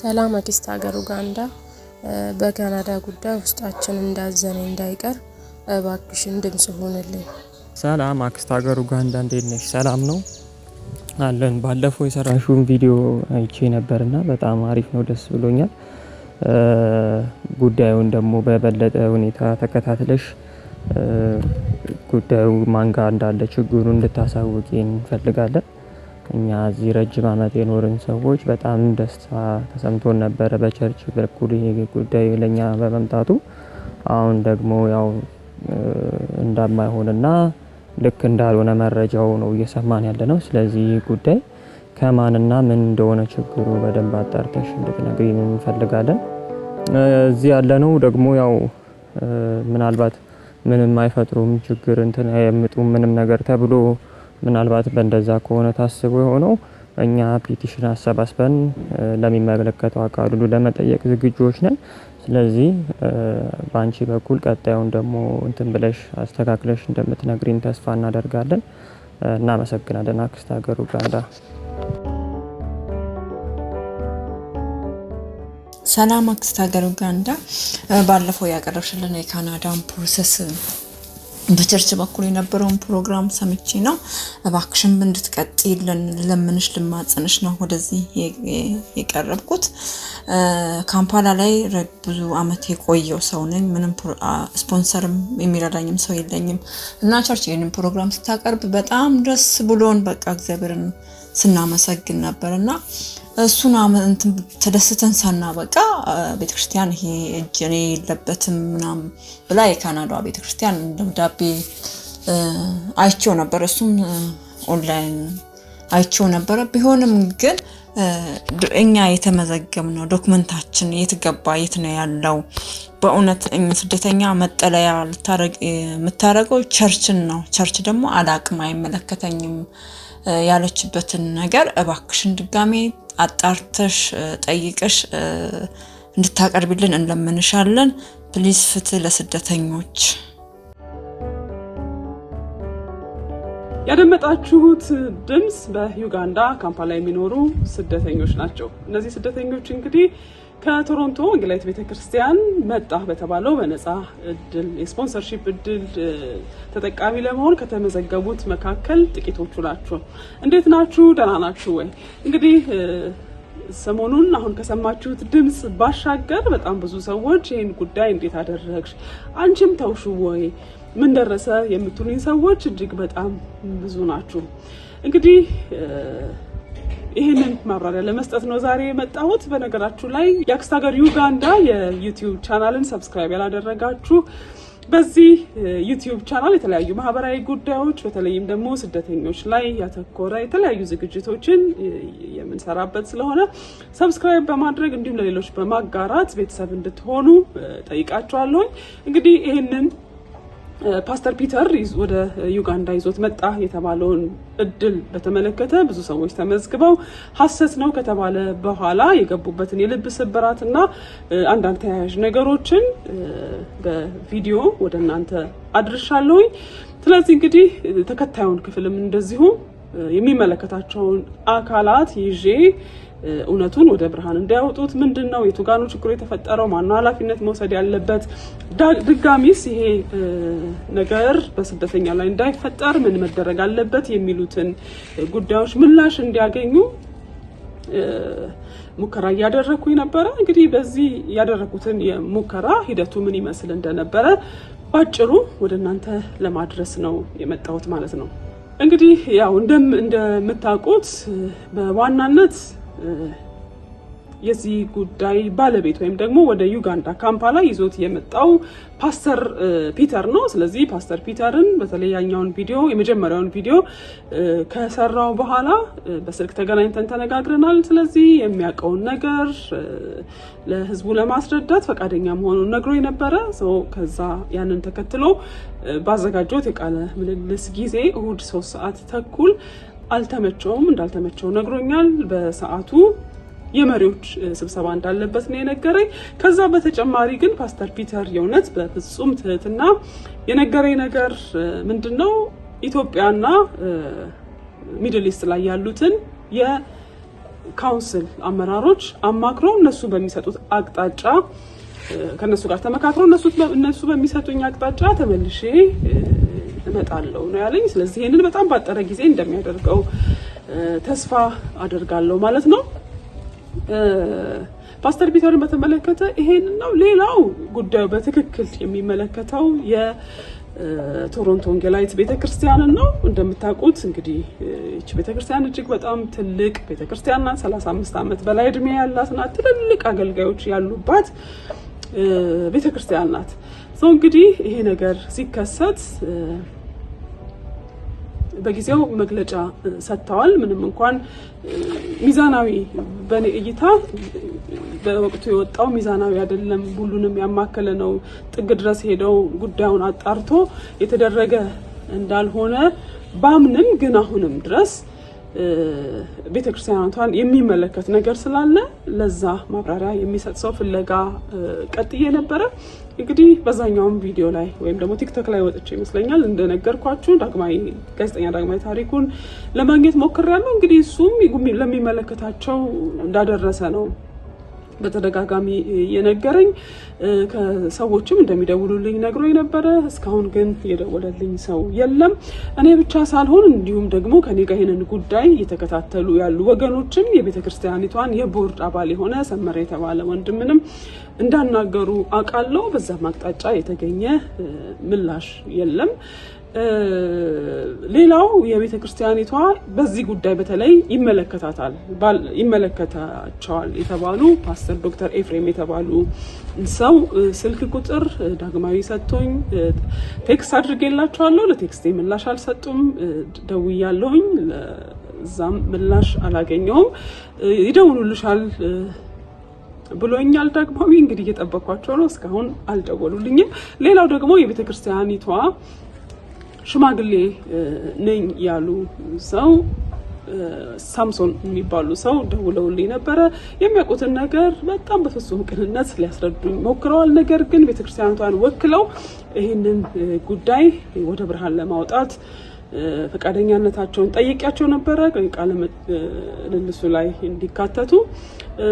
ሰላም አኪስት ሀገር ኡጋንዳ በካናዳ ጉዳይ ውስጣችን እንዳዘነ እንዳይቀር እባክሽን ድምጽ ሆንልኝ። ሰላም አክስት ሀገር ኡጋንዳ እንዴት ነሽ? ሰላም ነው አለን። ባለፈው የሰራሽውን ቪዲዮ አይቼ ነበርና በጣም አሪፍ ነው፣ ደስ ብሎኛል። ጉዳዩን ደግሞ በበለጠ ሁኔታ ተከታትለሽ ጉዳዩ ማንጋ እንዳለ ችግሩ እንድታሳውቂ እንፈልጋለን። እኛ እዚህ ረጅም ዓመት የኖርን ሰዎች በጣም ደስታ ተሰምቶን ነበረ በቸርች በኩል ይሄ ጉዳይ ለእኛ በመምጣቱ። አሁን ደግሞ ያው እንደማይሆንና ልክ እንዳልሆነ መረጃው ነው እየሰማን ነው። ስለዚህ ይህ ጉዳይ ከማንና ምን እንደሆነ ችግሩ በደንብ አጣርተሽ እንድትነግሪን እንፈልጋለን። እዚህ ነው ደግሞ ያው ምናልባት ምንም አይፈጥሩም ችግር እንትን አይምጡም ምንም ነገር ተብሎ ምናልባት በእንደዛ ከሆነ ታስቦ የሆነው እኛ ፒቲሽን አሰባስበን ለሚመለከተው አካል ሁሉ ለመጠየቅ ዝግጁዎች ነን። ስለዚህ በአንቺ በኩል ቀጣዩን ደግሞ እንትን ብለሽ አስተካክለሽ እንደምትነግሪን ተስፋ እናደርጋለን። እናመሰግናለን። አክስት ሀገር ኡጋንዳ። ሰላም አክስት ሀገር ኡጋንዳ። ባለፈው ያቀረብሽልን የካናዳን ፕሮሰስ በቸርች በኩል የነበረውን ፕሮግራም ሰምቼ ነው። እባክሽን እንድትቀጥይ ለምንሽ ልማጽንሽ ነው ወደዚህ የቀረብኩት። ካምፓላ ላይ ብዙ አመት የቆየው ሰው ነኝ። ምንም ስፖንሰርም የሚረዳኝም ሰው የለኝም እና ቸርች ይህንን ፕሮግራም ስታቀርብ በጣም ደስ ብሎን በቃ እግዚአብሔርን ስናመሰግን ነበር እና እሱን ተደስተን ሳናበቃ ቤተክርስቲያን ይሄ እጅ እኔ የለበትም ምናምን ብላ የካናዳ ቤተክርስቲያን ደብዳቤ አይቼው ነበር። እሱም ኦንላይን አይቼው ነበረ። ቢሆንም ግን እኛ የተመዘገብነው ዶክመንታችን የት ገባ? የት ነው ያለው? በእውነት ስደተኛ መጠለያ የምታደርገው ቸርችን ነው። ቸርች ደግሞ አላቅም፣ አይመለከተኝም ያለችበትን ነገር እባክሽን ድጋሜ አጣርተሽ ጠይቀሽ እንድታቀርቢልን እንለምንሻለን። ፕሊዝ ፍትህ ለስደተኞች። ያደመጣችሁት ድምፅ በዩጋንዳ ካምፓላ የሚኖሩ ስደተኞች ናቸው። እነዚህ ስደተኞች እንግዲህ ከቶሮንቶ ወንጌላዊት ቤተ ክርስቲያን መጣህ በተባለው በነጻ እድል የስፖንሰርሺፕ እድል ተጠቃሚ ለመሆን ከተመዘገቡት መካከል ጥቂቶቹ ናችሁ። እንዴት ናችሁ? ደህና ናችሁ ወይ? እንግዲህ ሰሞኑን አሁን ከሰማችሁት ድምፅ ባሻገር በጣም ብዙ ሰዎች ይህን ጉዳይ እንዴት አደረግሽ፣ አንቺም ተውሹ ወይ፣ ምን ደረሰ የምትሉኝ ሰዎች እጅግ በጣም ብዙ ናችሁ። እንግዲህ ይህንን ማብራሪያ ለመስጠት ነው ዛሬ የመጣሁት። በነገራችሁ ላይ የአክስት ሀገር ዩጋንዳ የዩቲዩብ ቻናልን ሰብስክራይብ ያላደረጋችሁ በዚህ ዩቲዩብ ቻናል የተለያዩ ማህበራዊ ጉዳዮች በተለይም ደግሞ ስደተኞች ላይ ያተኮረ የተለያዩ ዝግጅቶችን የምንሰራበት ስለሆነ ሰብስክራይብ በማድረግ እንዲሁም ለሌሎች በማጋራት ቤተሰብ እንድትሆኑ ጠይቃችኋለሁኝ። እንግዲህ ይህንን ፓስተር ፒተር ወደ ዩጋንዳ ይዞት መጣ የተባለውን እድል በተመለከተ ብዙ ሰዎች ተመዝግበው ሀሰት ነው ከተባለ በኋላ የገቡበትን የልብ ና አንዳንድ ተያያዥ ነገሮችን በቪዲዮ ወደ እናንተ አድርሻለሁኝ። ስለዚህ እንግዲህ ተከታዩን ክፍልም እንደዚሁ የሚመለከታቸውን አካላት ይዤ እውነቱን ወደ ብርሃን እንዲያወጡት ምንድን ነው የቱጋኑ ችግሩ የተፈጠረው ማነው ኃላፊነት መውሰድ ያለበት ድጋሚስ ይሄ ነገር በስደተኛ ላይ እንዳይፈጠር ምን መደረግ አለበት የሚሉትን ጉዳዮች ምላሽ እንዲያገኙ ሙከራ እያደረግኩኝ ነበረ። እንግዲህ በዚህ ያደረኩትን የሙከራ ሂደቱ ምን ይመስል እንደነበረ ባጭሩ ወደ እናንተ ለማድረስ ነው የመጣሁት ማለት ነው። እንግዲህ ያው እንደምታውቁት በዋናነት የዚህ ጉዳይ ባለቤት ወይም ደግሞ ወደ ዩጋንዳ ካምፓላ ይዞት የመጣው ፓስተር ፒተር ነው። ስለዚህ ፓስተር ፒተርን በተለያኛውን ቪዲዮ የመጀመሪያውን ቪዲዮ ከሰራው በኋላ በስልክ ተገናኝተን ተነጋግረናል። ስለዚህ የሚያውቀውን ነገር ለህዝቡ ለማስረዳት ፈቃደኛ መሆኑን ነግሮ የነበረ ሰው ከዛ ያንን ተከትሎ ባዘጋጀት የቃለ ምልልስ ጊዜ እሁድ ሶስት ሰዓት ተኩል አልተመቸውም። እንዳልተመቸው ነግሮኛል። በሰዓቱ የመሪዎች ስብሰባ እንዳለበት ነው የነገረኝ። ከዛ በተጨማሪ ግን ፓስተር ፒተር የእውነት በፍጹም ትህትና የነገረኝ ነገር ምንድን ነው ኢትዮጵያና ሚድል ኢስት ላይ ያሉትን የካውንስል አመራሮች አማክረው እነሱ በሚሰጡት አቅጣጫ ከነሱ ጋር ተመካክረው እነሱ በሚሰጡኝ አቅጣጫ ተመልሼ እመጣለሁ ነው ያለኝ። ስለዚህ ይህንን በጣም ባጠረ ጊዜ እንደሚያደርገው ተስፋ አደርጋለሁ ማለት ነው። ፓስተር ቢተርን በተመለከተ ይሄን ነው። ሌላው ጉዳዩ በትክክል የሚመለከተው የቶሮንቶ ወንጌላዊት ቤተክርስቲያንን ነው። እንደምታውቁት እንግዲህ ይች ቤተክርስቲያን እጅግ በጣም ትልቅ ቤተክርስቲያን ናት። 35 ዓመት በላይ እድሜ ያላት ናት። ትልልቅ አገልጋዮች ያሉባት ቤተክርስቲያን ናት። ሰው እንግዲህ ይሄ ነገር ሲከሰት በጊዜው መግለጫ ሰጥተዋል። ምንም እንኳን ሚዛናዊ በእኔ እይታ በወቅቱ የወጣው ሚዛናዊ አይደለም፣ ሁሉንም ያማከለ ነው፣ ጥግ ድረስ ሄደው ጉዳዩን አጣርቶ የተደረገ እንዳልሆነ ባምንም ግን አሁንም ድረስ ቤተ የሚመለከት ነገር ስላለ ለዛ ማብራሪያ የሚሰጥ ሰው ፍለጋ ቀጥዬ ነበረ። እንግዲህ በዛኛውም ቪዲዮ ላይ ወይም ደግሞ ቲክቶክ ላይ ወጥቼ ይመስለኛል እንደነገርኳችሁ ዳግማዊ ጋዜጠኛ ዳግማዊ ታሪኩን ለማግኘት ሞክሬያለሁ። እንግዲህ እሱም ለሚመለከታቸው እንዳደረሰ ነው በተደጋጋሚ የነገረኝ ከሰዎችም እንደሚደውሉልኝ ነግሮ የነበረ እስካሁን ግን የደወለልኝ ሰው የለም። እኔ ብቻ ሳልሆን እንዲሁም ደግሞ ከኔ ጋር ይህንን ጉዳይ እየተከታተሉ ያሉ ወገኖችም የቤተ ክርስቲያኒቷን የቦርድ አባል የሆነ ሰመረ የተባለ ወንድምንም እንዳናገሩ አውቃለሁ። በዛም አቅጣጫ የተገኘ ምላሽ የለም። ሌላው የቤተ ክርስቲያኒቷ በዚህ ጉዳይ በተለይ ይመለከታታል ይመለከታቸዋል የተባሉ ፓስተር ዶክተር ኤፍሬም የተባሉ ሰው ስልክ ቁጥር ዳግማዊ ሰጥቶኝ ቴክስት አድርጌላቸዋለሁ። ለቴክስት ምላሽ አልሰጡም። ደውያለሁኝ፣ ለዛም ምላሽ አላገኘውም። ይደውሉልሻል ብሎኛል። ደግሞ እንግዲህ እየጠበኳቸው ነው። እስካሁን አልደወሉልኝም። ሌላው ደግሞ የቤተ ክርስቲያኒቷ ሽማግሌ ነኝ ያሉ ሰው ሳምሶን የሚባሉ ሰው ደውለውልኝ ነበረ። የሚያውቁትን ነገር በጣም በፍጹም ቅንነት ሊያስረዱኝ ሞክረዋል። ነገር ግን ቤተክርስቲያኒቷን ወክለው ይህንን ጉዳይ ወደ ብርሃን ለማውጣት ፈቃደኛነታቸውን ጠይቂያቸው ነበረ ቃለ ምልልሱ ላይ እንዲካተቱ።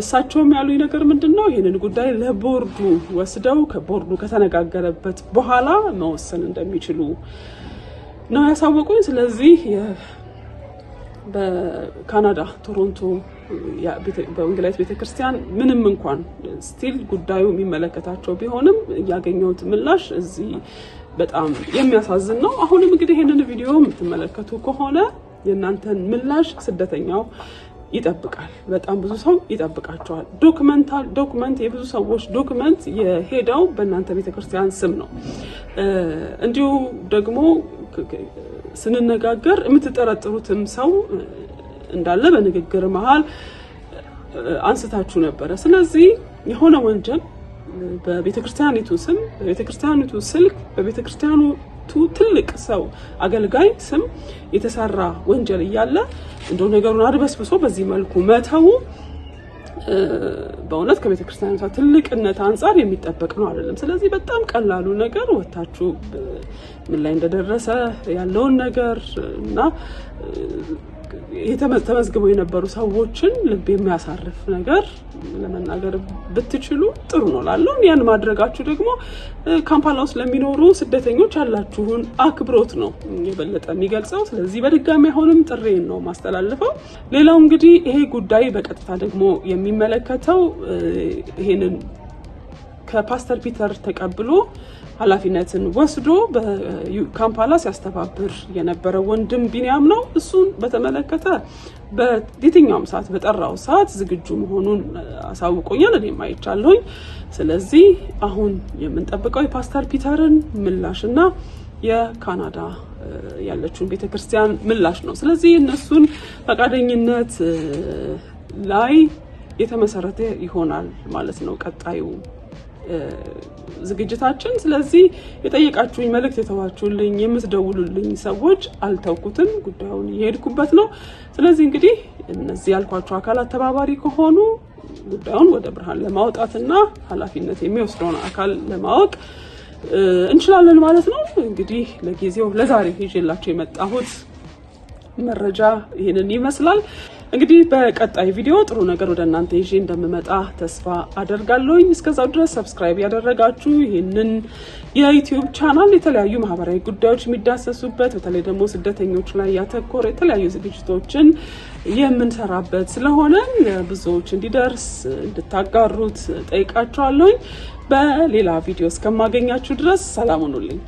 እሳቸውም ያሉኝ ነገር ምንድን ነው ይህንን ጉዳይ ለቦርዱ ወስደው ከቦርዱ ከተነጋገረበት በኋላ መወሰን እንደሚችሉ ነው ያሳወቁኝ። ስለዚህ በካናዳ ቶሮንቶ በወንጌላዊት ቤተክርስቲያን ምንም እንኳን ስቲል ጉዳዩ የሚመለከታቸው ቢሆንም ያገኘሁት ምላሽ እዚህ በጣም የሚያሳዝን ነው። አሁንም እንግዲህ ይህንን ቪዲዮ የምትመለከቱ ከሆነ የእናንተን ምላሽ ስደተኛው ይጠብቃል። በጣም ብዙ ሰው ይጠብቃቸዋል። ዶክመንታል ዶክመንት የብዙ ሰዎች ዶክመንት የሄደው በእናንተ ቤተክርስቲያን ስም ነው። እንዲሁ ደግሞ ስንነጋገር የምትጠረጥሩትም ሰው እንዳለ በንግግር መሀል አንስታችሁ ነበረ። ስለዚህ የሆነ ወንጀል በቤተክርስቲያኒቱ ስም በቤተክርስቲያኒቱ ስልክ በቤተክርስቲያኒቱ ትልቅ ሰው አገልጋይ ስም የተሰራ ወንጀል እያለ እንደው ነገሩን አድበስብሶ በዚህ መልኩ መተው በእውነት ከቤተክርስቲያኒቷ ትልቅነት አንጻር የሚጠበቅ ነው አይደለም። ስለዚህ በጣም ቀላሉ ነገር ወታችሁ ምን ላይ እንደደረሰ ያለውን ነገር እና ተመዝግበው የነበሩ ሰዎችን ልብ የሚያሳርፍ ነገር ለመናገር ብትችሉ ጥሩ ነው ላለው ያን ማድረጋችሁ ደግሞ ካምፓላ ውስጥ ለሚኖሩ ስደተኞች ያላችሁን አክብሮት ነው የበለጠ የሚገልጸው። ስለዚህ በድጋሚ አሁንም ጥሬን ነው ማስተላልፈው። ሌላው እንግዲህ ይሄ ጉዳይ በቀጥታ ደግሞ የሚመለከተው ይሄንን ከፓስተር ፒተር ተቀብሎ ኃላፊነትን ወስዶ በካምፓላ ሲያስተባብር የነበረ ወንድም ቢንያም ነው። እሱን በተመለከተ በየትኛውም ሰዓት በጠራው ሰዓት ዝግጁ መሆኑን አሳውቆኛል፣ እኔም አይቻለሁኝ። ስለዚህ አሁን የምንጠብቀው የፓስተር ፒተርን ምላሽና የካናዳ ያለችውን ቤተ ክርስቲያን ምላሽ ነው። ስለዚህ እነሱን ፈቃደኝነት ላይ የተመሰረተ ይሆናል ማለት ነው ቀጣዩ ዝግጅታችን። ስለዚህ የጠየቃችሁኝ መልእክት የተዋችሁልኝ የምትደውሉልኝ ሰዎች አልተውኩትም፣ ጉዳዩን እየሄድኩበት ነው። ስለዚህ እንግዲህ እነዚህ ያልኳቸው አካላት ተባባሪ ከሆኑ ጉዳዩን ወደ ብርሃን ለማውጣትና ኃላፊነት የሚወስደውን አካል ለማወቅ እንችላለን ማለት ነው። እንግዲህ ለጊዜው ለዛሬ ይዤላቸው የመጣሁት መረጃ ይህንን ይመስላል። እንግዲህ በቀጣይ ቪዲዮ ጥሩ ነገር ወደ እናንተ ይዤ እንደምመጣ ተስፋ አደርጋለሁኝ። እስከዛው ድረስ ሰብስክራይብ ያደረጋችሁ ይህንን የዩትዩብ ቻናል የተለያዩ ማህበራዊ ጉዳዮች የሚዳሰሱበት በተለይ ደግሞ ስደተኞች ላይ ያተኮረ የተለያዩ ዝግጅቶችን የምንሰራበት ስለሆነ ብዙዎች እንዲደርስ እንድታጋሩት ጠይቃችኋለሁኝ። በሌላ ቪዲዮ እስከማገኛችሁ ድረስ ሰላም ሁኑልኝ።